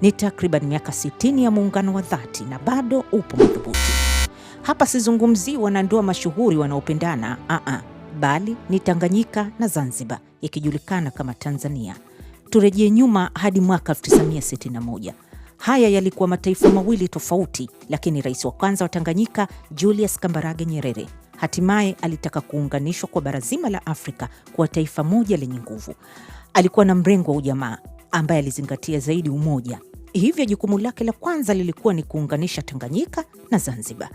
ni takriban miaka 60 ya muungano wa dhati na bado upo madhubuti. Hapa sizungumzii wanandoa mashuhuri wanaopendana aa, bali ni Tanganyika na Zanzibar ikijulikana kama Tanzania. Turejee nyuma hadi mwaka 1961. Haya yalikuwa mataifa mawili tofauti, lakini rais wa kwanza wa Tanganyika Julius Kambarage Nyerere hatimaye alitaka kuunganishwa kwa bara zima la Afrika kuwa taifa moja lenye nguvu. Alikuwa na mrengo wa ujamaa ambaye alizingatia zaidi umoja Hivyo jukumu lake la kwanza lilikuwa ni kuunganisha Tanganyika na Zanzibar.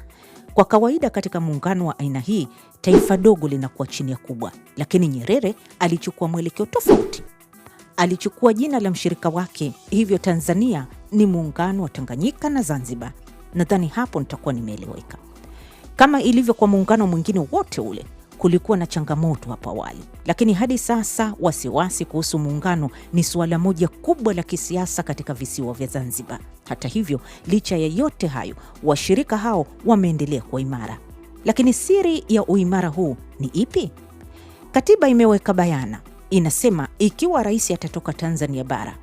Kwa kawaida katika muungano wa aina hii taifa dogo linakuwa chini ya kubwa, lakini Nyerere alichukua mwelekeo tofauti. Alichukua jina la mshirika wake, hivyo Tanzania ni muungano wa Tanganyika na Zanzibar. Nadhani hapo nitakuwa nimeeleweka. Kama ilivyo kwa muungano mwingine wote ule, kulikuwa na changamoto hapo awali, lakini hadi sasa wasiwasi kuhusu muungano ni suala moja kubwa la kisiasa katika visiwa vya Zanzibar. Hata hivyo, licha ya yote hayo, washirika hao wameendelea kuwa imara. Lakini siri ya uimara huu ni ipi? Katiba imeweka bayana, inasema ikiwa rais atatoka Tanzania bara,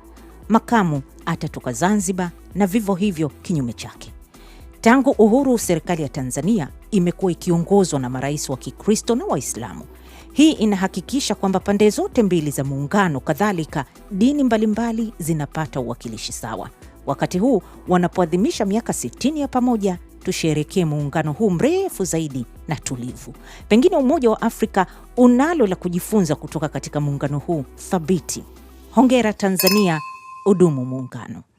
makamu atatoka Zanzibar na vivyo hivyo kinyume chake. Tangu uhuru serikali ya Tanzania imekuwa ikiongozwa na marais wa Kikristo na Waislamu. Hii inahakikisha kwamba pande zote mbili za muungano, kadhalika dini mbalimbali mbali, zinapata uwakilishi sawa. Wakati huu wanapoadhimisha miaka 60 ya pamoja, tusherekee muungano huu mrefu zaidi na tulivu. Pengine Umoja wa Afrika unalo la kujifunza kutoka katika muungano huu thabiti. Hongera Tanzania, udumu muungano.